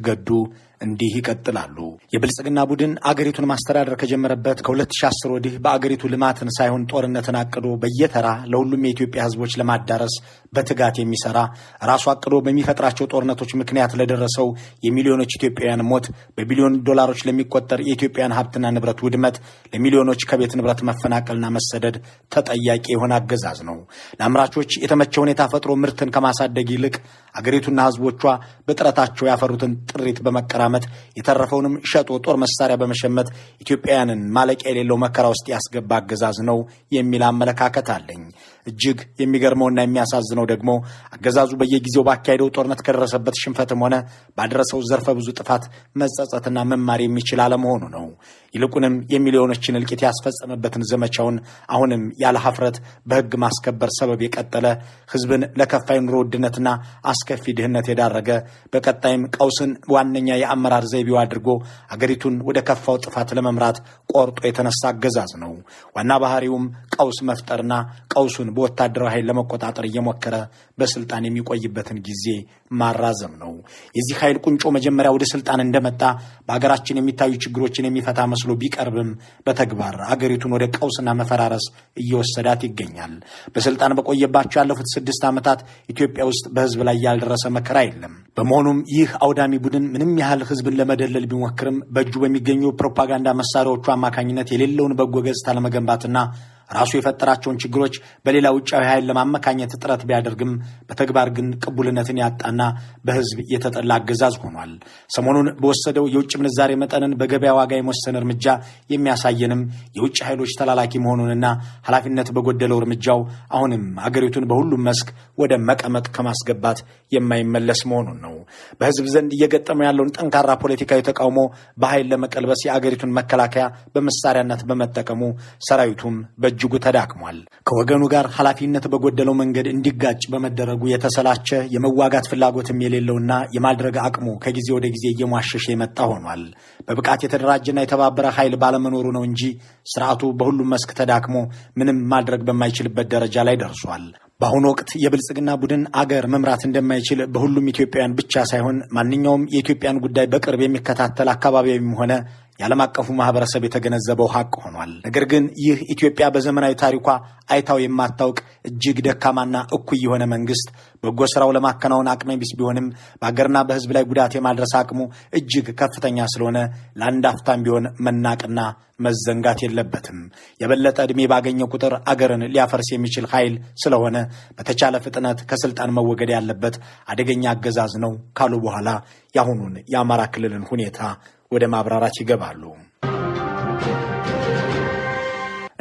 gadduu እንዲህ ይቀጥላሉ። የብልጽግና ቡድን አገሪቱን ማስተዳደር ከጀመረበት ከ2010 ወዲህ በአገሪቱ ልማትን ሳይሆን ጦርነትን አቅዶ በየተራ ለሁሉም የኢትዮጵያ ሕዝቦች ለማዳረስ በትጋት የሚሰራ ራሱ አቅዶ በሚፈጥራቸው ጦርነቶች ምክንያት ለደረሰው የሚሊዮኖች ኢትዮጵያውያን ሞት፣ በቢሊዮን ዶላሮች ለሚቆጠር የኢትዮጵያን ሀብትና ንብረት ውድመት፣ ለሚሊዮኖች ከቤት ንብረት መፈናቀልና መሰደድ ተጠያቂ የሆነ አገዛዝ ነው። ለአምራቾች የተመቸ ሁኔታ ፈጥሮ ምርትን ከማሳደግ ይልቅ አገሪቱና ሕዝቦቿ በጥረታቸው ያፈሩትን ጥሪት በመቀራ ዓመት የተረፈውንም ሸጦ ጦር መሳሪያ በመሸመት ኢትዮጵያውያንን ማለቂያ የሌለው መከራ ውስጥ ያስገባ አገዛዝ ነው የሚል አመለካከት አለኝ። እጅግ የሚገርመውና የሚያሳዝነው ደግሞ አገዛዙ በየጊዜው ባካሄደው ጦርነት ከደረሰበት ሽንፈትም ሆነ ባደረሰው ዘርፈ ብዙ ጥፋት መጸጸትና መማር የሚችል አለመሆኑ ነው። ይልቁንም የሚሊዮኖችን እልቂት ያስፈጸመበትን ዘመቻውን አሁንም ያለ ሀፍረት በሕግ ማስከበር ሰበብ የቀጠለ ሕዝብን ለከፋይ ኑሮ ውድነትና አስከፊ ድህነት የዳረገ በቀጣይም ቀውስን ዋነኛ የአመራር ዘይቤው አድርጎ አገሪቱን ወደ ከፋው ጥፋት ለመምራት ቆርጦ የተነሳ አገዛዝ ነው። ዋና ባህሪውም ቀውስ መፍጠርና ቀውሱን በወታደራዊ ኃይል ለመቆጣጠር እየሞከረ በስልጣን የሚቆይበትን ጊዜ ማራዘም ነው። የዚህ ኃይል ቁንጮ መጀመሪያ ወደ ስልጣን እንደመጣ በሀገራችን የሚታዩ ችግሮችን የሚፈታ መስሎ ቢቀርብም በተግባር አገሪቱን ወደ ቀውስና መፈራረስ እየወሰዳት ይገኛል። በስልጣን በቆየባቸው ያለፉት ስድስት ዓመታት ኢትዮጵያ ውስጥ በህዝብ ላይ ያልደረሰ መከራ የለም። በመሆኑም ይህ አውዳሚ ቡድን ምንም ያህል ህዝብን ለመደለል ቢሞክርም በእጁ በሚገኙ ፕሮፓጋንዳ መሳሪያዎቹ አማካኝነት የሌለውን በጎ ገጽታ ለመገንባትና ራሱ የፈጠራቸውን ችግሮች በሌላ ውጫዊ ኃይል ለማመካኘት ጥረት ቢያደርግም በተግባር ግን ቅቡልነትን ያጣና በህዝብ የተጠላ አገዛዝ ሆኗል። ሰሞኑን በወሰደው የውጭ ምንዛሬ መጠንን በገበያ ዋጋ የመወሰን እርምጃ የሚያሳየንም የውጭ ኃይሎች ተላላኪ መሆኑንና ኃላፊነት በጎደለው እርምጃው አሁንም አገሪቱን በሁሉም መስክ ወደ መቀመቅ ከማስገባት የማይመለስ መሆኑን ነው። በህዝብ ዘንድ እየገጠመው ያለውን ጠንካራ ፖለቲካዊ ተቃውሞ በኃይል ለመቀልበስ የአገሪቱን መከላከያ በመሳሪያነት በመጠቀሙ ሰራዊቱም በእጅ በእጅጉ ተዳክሟል። ከወገኑ ጋር ኃላፊነት በጎደለው መንገድ እንዲጋጭ በመደረጉ የተሰላቸ የመዋጋት ፍላጎትም የሌለውና የማድረግ አቅሙ ከጊዜ ወደ ጊዜ እየሟሸሸ የመጣ ሆኗል። በብቃት የተደራጀና የተባበረ ኃይል ባለመኖሩ ነው እንጂ ስርዓቱ በሁሉም መስክ ተዳክሞ ምንም ማድረግ በማይችልበት ደረጃ ላይ ደርሷል። በአሁኑ ወቅት የብልጽግና ቡድን አገር መምራት እንደማይችል በሁሉም ኢትዮጵያውያን ብቻ ሳይሆን ማንኛውም የኢትዮጵያን ጉዳይ በቅርብ የሚከታተል አካባቢም ሆነ የዓለም አቀፉ ማህበረሰብ የተገነዘበው ሀቅ ሆኗል። ነገር ግን ይህ ኢትዮጵያ በዘመናዊ ታሪኳ አይታው የማታውቅ እጅግ ደካማና እኩይ የሆነ መንግስት በጎ ስራው ለማከናወን አቅመ ቢስ ቢሆንም በሀገርና በህዝብ ላይ ጉዳት የማድረስ አቅሙ እጅግ ከፍተኛ ስለሆነ ለአንድ አፍታም ቢሆን መናቅና መዘንጋት የለበትም። የበለጠ ዕድሜ ባገኘ ቁጥር አገርን ሊያፈርስ የሚችል ኃይል ስለሆነ በተቻለ ፍጥነት ከስልጣን መወገድ ያለበት አደገኛ አገዛዝ ነው ካሉ በኋላ የአሁኑን የአማራ ክልልን ሁኔታ ወደ ማብራራት ይገባሉ።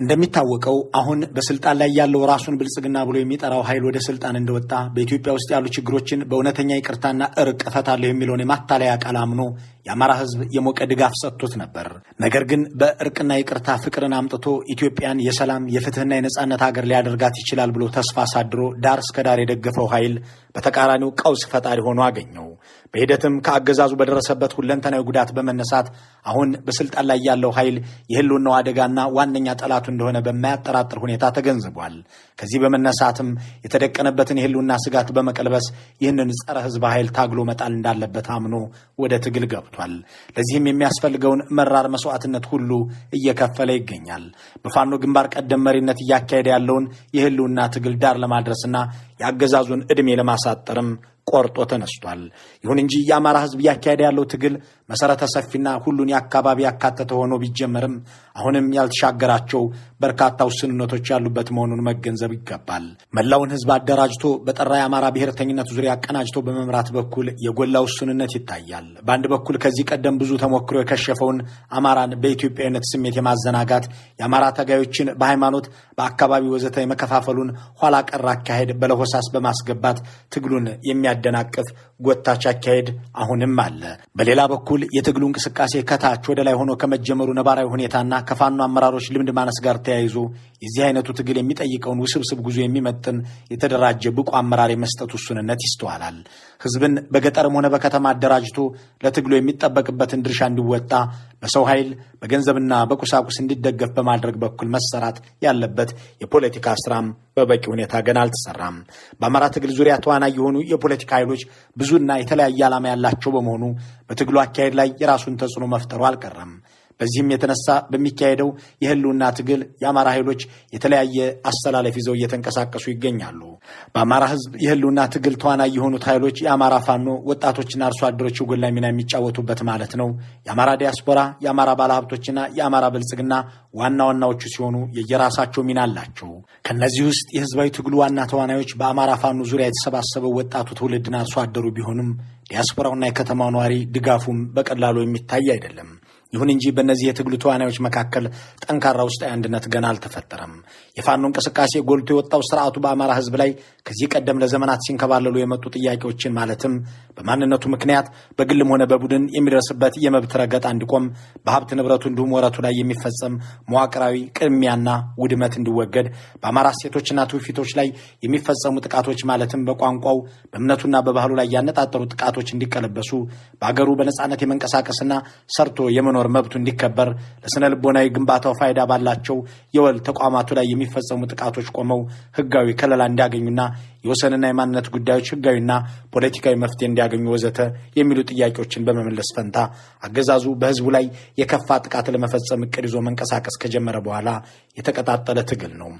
እንደሚታወቀው አሁን በስልጣን ላይ ያለው ራሱን ብልጽግና ብሎ የሚጠራው ኃይል ወደ ስልጣን እንደወጣ በኢትዮጵያ ውስጥ ያሉ ችግሮችን በእውነተኛ ይቅርታና እርቅ እፈታለሁ የሚለውን የማታለያ ቃል አምኖ የአማራ ህዝብ የሞቀ ድጋፍ ሰጥቶት ነበር። ነገር ግን በእርቅና ይቅርታ ፍቅርን አምጥቶ ኢትዮጵያን የሰላም የፍትህና የነጻነት ሀገር ሊያደርጋት ይችላል ብሎ ተስፋ አሳድሮ ዳር እስከ ዳር የደገፈው ኃይል በተቃራኒው ቀውስ ፈጣሪ ሆኖ አገኘው። በሂደትም ከአገዛዙ በደረሰበት ሁለንተናዊ ጉዳት በመነሳት አሁን በስልጣን ላይ ያለው ኃይል የህልውናው አደጋና ዋነኛ ጠላቱ እንደሆነ በማያጠራጥር ሁኔታ ተገንዝቧል። ከዚህ በመነሳትም የተደቀነበትን የህልውና ስጋት በመቀልበስ ይህንን ጸረ ህዝብ ኃይል ታግሎ መጣል እንዳለበት አምኖ ወደ ትግል ገብቷል። ቆይቷል። ለዚህም የሚያስፈልገውን መራር መስዋዕትነት ሁሉ እየከፈለ ይገኛል። በፋኖ ግንባር ቀደም መሪነት እያካሄደ ያለውን የህልውና ትግል ዳር ለማድረስና የአገዛዙን ዕድሜ ለማሳጠርም ቆርጦ ተነስቷል። ይሁን እንጂ የአማራ ህዝብ እያካሄደ ያለው ትግል መሰረተ ሰፊና ሁሉን የአካባቢ ያካተተ ሆኖ ቢጀመርም አሁንም ያልተሻገራቸው በርካታ ውስንነቶች ያሉበት መሆኑን መገንዘብ ይገባል። መላውን ሕዝብ አደራጅቶ በጠራ የአማራ ብሔርተኝነት ዙሪያ አቀናጅቶ በመምራት በኩል የጎላ ውስንነት ይታያል። በአንድ በኩል ከዚህ ቀደም ብዙ ተሞክሮ የከሸፈውን አማራን በኢትዮጵያዊነት ስሜት የማዘናጋት የአማራ ተጋዮችን በሃይማኖት፣ በአካባቢ ወዘተ የመከፋፈሉን ኋላ ቀር አካሄድ በለሆሳስ በማስገባት ትግሉን የሚያደናቅፍ ጎታች አካሄድ አሁንም አለ። በሌላ በኩል በኩል የትግሉ እንቅስቃሴ ከታች ወደ ላይ ሆኖ ከመጀመሩ ነባራዊ ሁኔታና ከፋኖ አመራሮች ልምድ ማነስ ጋር ተያይዞ የዚህ አይነቱ ትግል የሚጠይቀውን ውስብስብ ጉዞ የሚመጥን የተደራጀ ብቁ አመራር የመስጠት ውሱንነት ይስተዋላል። ህዝብን በገጠርም ሆነ በከተማ አደራጅቶ ለትግሉ የሚጠበቅበትን ድርሻ እንዲወጣ በሰው ኃይል በገንዘብና በቁሳቁስ እንዲደገፍ በማድረግ በኩል መሰራት ያለበት የፖለቲካ ስራም በበቂ ሁኔታ ገና አልተሰራም። በአማራ ትግል ዙሪያ ተዋናይ የሆኑ የፖለቲካ ኃይሎች ብዙና የተለያየ ዓላማ ያላቸው በመሆኑ በትግሉ አካሄድ ላይ የራሱን ተጽዕኖ መፍጠሩ አልቀረም። በዚህም የተነሳ በሚካሄደው የህልውና ትግል የአማራ ኃይሎች የተለያየ አሰላለፍ ይዘው እየተንቀሳቀሱ ይገኛሉ። በአማራ ህዝብ የህልውና ትግል ተዋናይ የሆኑት ኃይሎች የአማራ ፋኖ ወጣቶችና አርሶ አደሮች የጎላ ሚና የሚጫወቱበት ማለት ነው። የአማራ ዲያስፖራ፣ የአማራ ባለሀብቶችና የአማራ ብልጽግና ዋና ዋናዎቹ ሲሆኑ የየራሳቸው ሚና አላቸው። ከእነዚህ ውስጥ የህዝባዊ ትግሉ ዋና ተዋናዮች በአማራ ፋኖ ዙሪያ የተሰባሰበው ወጣቱ ትውልድና አርሶ አደሩ ቢሆንም ዲያስፖራውና የከተማው ነዋሪ ድጋፉም በቀላሉ የሚታይ አይደለም። ይሁን እንጂ በእነዚህ የትግሉ ተዋናዮች መካከል ጠንካራ ውስጣዊ አንድነት ገና አልተፈጠረም። የፋኖ እንቅስቃሴ ጎልቶ የወጣው ስርዓቱ በአማራ ሕዝብ ላይ ከዚህ ቀደም ለዘመናት ሲንከባለሉ የመጡ ጥያቄዎችን ማለትም በማንነቱ ምክንያት በግልም ሆነ በቡድን የሚደርስበት የመብት ረገጣ እንዲቆም፣ በሀብት ንብረቱ እንዲሁም ወረቱ ላይ የሚፈጸም መዋቅራዊ ቅድሚያና ውድመት እንዲወገድ፣ በአማራ ሴቶችና ትውፊቶች ላይ የሚፈጸሙ ጥቃቶች ማለትም በቋንቋው በእምነቱና በባህሉ ላይ ያነጣጠሩ ጥቃቶች እንዲቀለበሱ፣ በአገሩ በነፃነት የመንቀሳቀስና ሰርቶ የመኖ የመኖር መብቱ እንዲከበር ለስነ ልቦናዊ ግንባታው ፋይዳ ባላቸው የወል ተቋማቱ ላይ የሚፈጸሙ ጥቃቶች ቆመው ህጋዊ ከለላ እንዲያገኙና የወሰንና የማንነት ጉዳዮች ህጋዊና ፖለቲካዊ መፍትሄ እንዲያገኙ ወዘተ የሚሉ ጥያቄዎችን በመመለስ ፈንታ አገዛዙ በህዝቡ ላይ የከፋ ጥቃት ለመፈጸም እቅድ ይዞ መንቀሳቀስ ከጀመረ በኋላ የተቀጣጠለ ትግል ነው።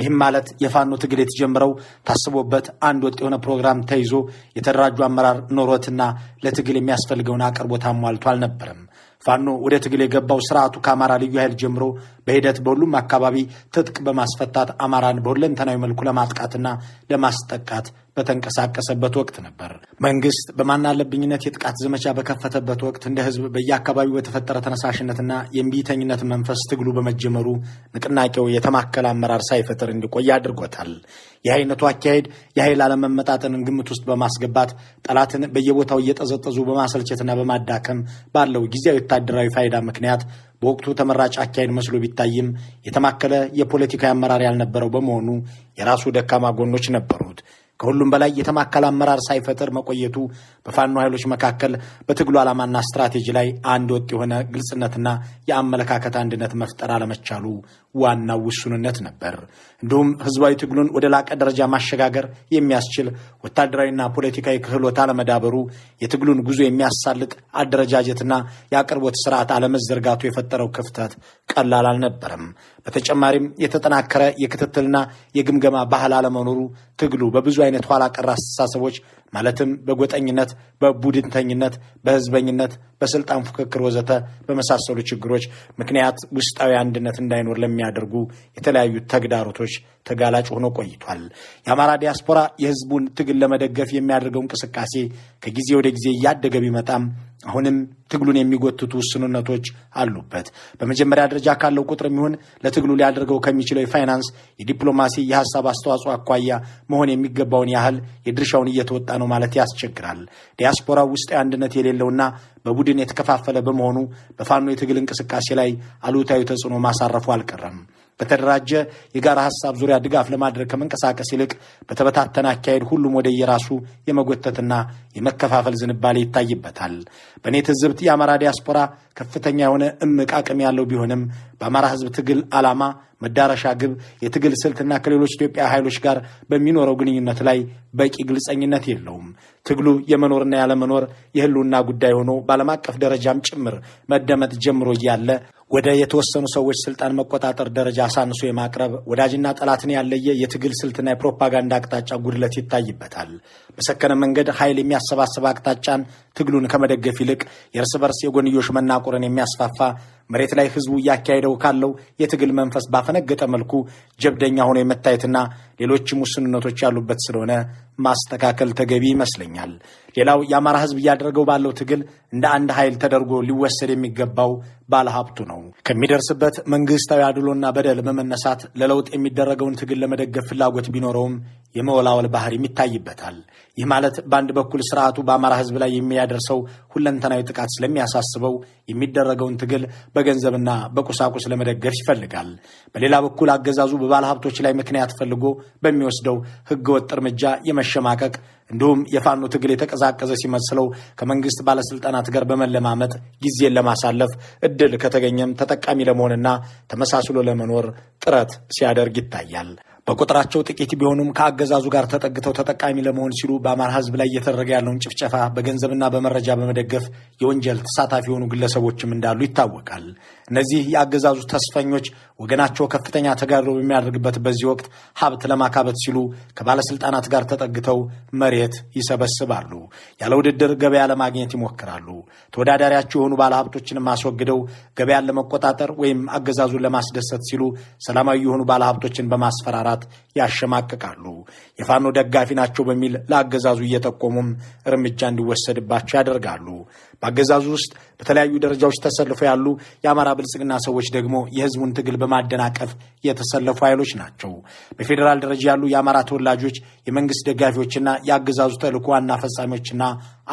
ይህም ማለት የፋኖ ትግል የተጀመረው ታስቦበት አንድ ወጥ የሆነ ፕሮግራም ተይዞ የተደራጁ አመራር ኖሮትና ለትግል የሚያስፈልገውን አቅርቦት አሟልቶ አልነበረም። ፋኖ ወደ ትግል የገባው ስርዓቱ ከአማራ ልዩ ኃይል ጀምሮ በሂደት በሁሉም አካባቢ ትጥቅ በማስፈታት አማራን በሁለንተናዊ መልኩ ለማጥቃትና ለማስጠቃት በተንቀሳቀሰበት ወቅት ነበር። መንግስት በማናለብኝነት የጥቃት ዘመቻ በከፈተበት ወቅት እንደ ህዝብ በየአካባቢው በተፈጠረ ተነሳሽነትና የእምቢተኝነት መንፈስ ትግሉ በመጀመሩ ንቅናቄው የተማከለ አመራር ሳይፈጥር እንዲቆይ አድርጎታል። ይህ አይነቱ አካሄድ የኃይል አለመመጣጠንን ግምት ውስጥ በማስገባት ጠላትን በየቦታው እየጠዘጠዙ በማሰልቸትና በማዳከም ባለው ጊዜያዊ ወታደራዊ ፋይዳ ምክንያት በወቅቱ ተመራጭ አካሄድ መስሎ ቢታይም የተማከለ የፖለቲካዊ አመራር ያልነበረው በመሆኑ የራሱ ደካማ ጎኖች ነበሩት። ከሁሉም በላይ የተማከለ አመራር ሳይፈጥር መቆየቱ በፋኖ ኃይሎች መካከል በትግሉ ዓላማና ስትራቴጂ ላይ አንድ ወጥ የሆነ ግልጽነትና የአመለካከት አንድነት መፍጠር አለመቻሉ ዋናው ውሱንነት ነበር። እንዲሁም ህዝባዊ ትግሉን ወደ ላቀ ደረጃ ማሸጋገር የሚያስችል ወታደራዊና ፖለቲካዊ ክህሎት አለመዳበሩ፣ የትግሉን ጉዞ የሚያሳልጥ አደረጃጀትና የአቅርቦት ስርዓት አለመዘርጋቱ የፈጠረው ክፍተት ቀላል አልነበረም። በተጨማሪም የተጠናከረ የክትትልና የግምገማ ባህል አለመኖሩ ትግሉ በብዙ አይነት ኋላ ቀር አስተሳሰቦች ማለትም በጎጠኝነት፣ በቡድንተኝነት፣ በህዝበኝነት፣ በስልጣን ፉክክር ወዘተ በመሳሰሉ ችግሮች ምክንያት ውስጣዊ አንድነት እንዳይኖር ለሚያደርጉ የተለያዩ ተግዳሮቶች ተጋላጭ ሆኖ ቆይቷል። የአማራ ዲያስፖራ የህዝቡን ትግል ለመደገፍ የሚያደርገው እንቅስቃሴ ከጊዜ ወደ ጊዜ እያደገ ቢመጣም አሁንም ትግሉን የሚጎትቱ ውስንነቶች አሉበት። በመጀመሪያ ደረጃ ካለው ቁጥር የሚሆን ለትግሉ ሊያደርገው ከሚችለው የፋይናንስ፣ የዲፕሎማሲ፣ የሀሳብ አስተዋጽኦ አኳያ መሆን የሚገባውን ያህል የድርሻውን እየተወጣ ነው ማለት ያስቸግራል። ዲያስፖራ ውስጥ አንድነት የሌለውና በቡድን የተከፋፈለ በመሆኑ በፋኖ የትግል እንቅስቃሴ ላይ አሉታዊ ተጽዕኖ ማሳረፉ አልቀረም። በተደራጀ የጋራ ሀሳብ ዙሪያ ድጋፍ ለማድረግ ከመንቀሳቀስ ይልቅ በተበታተነ አካሄድ ሁሉም ወደ የራሱ የመጎተትና የመከፋፈል ዝንባሌ ይታይበታል። በእኔ ትዝብት የአማራ ዲያስፖራ ከፍተኛ የሆነ እምቅ አቅም ያለው ቢሆንም በአማራ ሕዝብ ትግል ዓላማ መዳረሻ ግብ፣ የትግል ስልትና ከሌሎች ኢትዮጵያ ኃይሎች ጋር በሚኖረው ግንኙነት ላይ በቂ ግልጸኝነት የለውም። ትግሉ የመኖርና ያለመኖር የህልውና ጉዳይ ሆኖ በዓለም አቀፍ ደረጃም ጭምር መደመጥ ጀምሮ እያለ ወደ የተወሰኑ ሰዎች ስልጣን መቆጣጠር ደረጃ አሳንሶ የማቅረብ ወዳጅና ጠላትን ያለየ የትግል ስልትና የፕሮፓጋንዳ አቅጣጫ ጉድለት ይታይበታል። በሰከነ መንገድ ኃይል የሚያሰባስብ አቅጣጫን ትግሉን ከመደገፍ ይልቅ የእርስ በርስ የጎንዮሽ መናቆርን የሚያስፋፋ መሬት ላይ ህዝቡ እያካሄደው ካለው የትግል መንፈስ ባፈነገጠ መልኩ ጀብደኛ ሆኖ የመታየትና ሌሎችም ውስንነቶች ያሉበት ስለሆነ ማስተካከል ተገቢ ይመስለኛል። ሌላው የአማራ ሕዝብ እያደረገው ባለው ትግል እንደ አንድ ኃይል ተደርጎ ሊወሰድ የሚገባው ባለሀብቱ ነው። ከሚደርስበት መንግስታዊ አድሎና በደል በመነሳት ለለውጥ የሚደረገውን ትግል ለመደገፍ ፍላጎት ቢኖረውም የመወላወል ባህሪም ይታይበታል። ይህ ማለት በአንድ በኩል ስርዓቱ በአማራ ሕዝብ ላይ የሚያደርሰው ሁለንተናዊ ጥቃት ስለሚያሳስበው የሚደረገውን ትግል በገንዘብና በቁሳቁስ ለመደገፍ ይፈልጋል። በሌላ በኩል አገዛዙ በባለሀብቶች ላይ ምክንያት ፈልጎ በሚወስደው ህገወጥ እርምጃ የመሸማቀቅ እንዲሁም የፋኖ ትግል የተቀዛቀዘ ሲመስለው ከመንግስት ባለስልጣናት ጋር በመለማመጥ ጊዜን ለማሳለፍ እድል ከተገኘም ተጠቃሚ ለመሆንና ተመሳስሎ ለመኖር ጥረት ሲያደርግ ይታያል። በቁጥራቸው ጥቂት ቢሆኑም ከአገዛዙ ጋር ተጠግተው ተጠቃሚ ለመሆን ሲሉ በአማራ ሕዝብ ላይ እየተደረገ ያለውን ጭፍጨፋ በገንዘብና በመረጃ በመደገፍ የወንጀል ተሳታፊ የሆኑ ግለሰቦችም እንዳሉ ይታወቃል። እነዚህ የአገዛዙ ተስፈኞች ወገናቸው ከፍተኛ ተጋድሎ በሚያደርግበት በዚህ ወቅት ሀብት ለማካበት ሲሉ ከባለስልጣናት ጋር ተጠግተው መሬት ይሰበስባሉ። ያለ ውድድር ገበያ ለማግኘት ይሞክራሉ። ተወዳዳሪያቸው የሆኑ ባለሀብቶችን አስወግደው ገበያን ለመቆጣጠር ወይም አገዛዙን ለማስደሰት ሲሉ ሰላማዊ የሆኑ ባለሀብቶችን በማስፈራራት ተቋማት ያሸማቅቃሉ። የፋኖ ደጋፊ ናቸው በሚል ለአገዛዙ እየጠቆሙም እርምጃ እንዲወሰድባቸው ያደርጋሉ። በአገዛዙ ውስጥ በተለያዩ ደረጃዎች ተሰልፎ ያሉ የአማራ ብልጽግና ሰዎች ደግሞ የህዝቡን ትግል በማደናቀፍ የተሰለፉ ኃይሎች ናቸው። በፌዴራል ደረጃ ያሉ የአማራ ተወላጆች የመንግስት ደጋፊዎችና የአገዛዙ ተልኮ ዋና ፈጻሚዎችና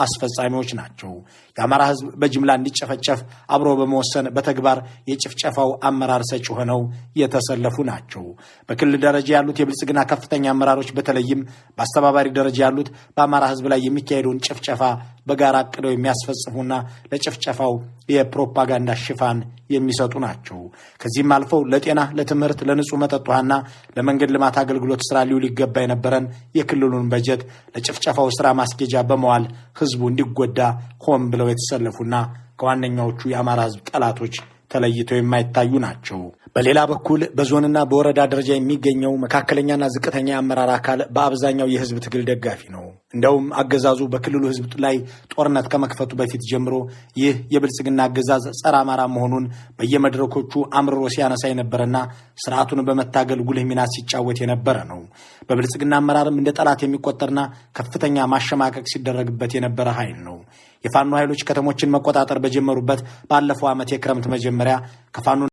አስፈጻሚዎች ናቸው። የአማራ ህዝብ በጅምላ እንዲጨፈጨፍ አብሮ በመወሰን በተግባር የጭፍጨፋው አመራር ሰጪ ሆነው የተሰለፉ ናቸው። በክልል ደረጃ ያሉት የብልጽግና ከፍተኛ አመራሮች በተለይም በአስተባባሪ ደረጃ ያሉት በአማራ ህዝብ ላይ የሚካሄደውን ጭፍጨፋ በጋራ አቅደው የሚያስፈጽሙና ለጭፍጨፋው የፕሮፓጋንዳ ሽፋን የሚሰጡ ናቸው። ከዚህም አልፈው ለጤና፣ ለትምህርት፣ ለንጹህ መጠጥ ውሃና ለመንገድ ልማት አገልግሎት ስራ ሊውል ይገባ የነበረን የክልሉን በጀት ለጭፍጨፋው ስራ ማስኬጃ በመዋል ህዝቡ እንዲጎዳ ሆን ብለው የተሰለፉና ከዋነኛዎቹ የአማራ ህዝብ ጠላቶች ተለይተው የማይታዩ ናቸው። በሌላ በኩል በዞንና በወረዳ ደረጃ የሚገኘው መካከለኛና ዝቅተኛ የአመራር አካል በአብዛኛው የህዝብ ትግል ደጋፊ ነው። እንደውም አገዛዙ በክልሉ ህዝብ ላይ ጦርነት ከመክፈቱ በፊት ጀምሮ ይህ የብልጽግና አገዛዝ ጸረ አማራ መሆኑን በየመድረኮቹ አምርሮ ሲያነሳ የነበረና ስርዓቱን በመታገል ጉልህ ሚና ሲጫወት የነበረ ነው። በብልጽግና አመራርም እንደ ጠላት የሚቆጠርና ከፍተኛ ማሸማቀቅ ሲደረግበት የነበረ ኃይል ነው። የፋኖ ኃይሎች ከተሞችን መቆጣጠር በጀመሩበት ባለፈው ዓመት የክረምት መጀመሪያ ከፋኖ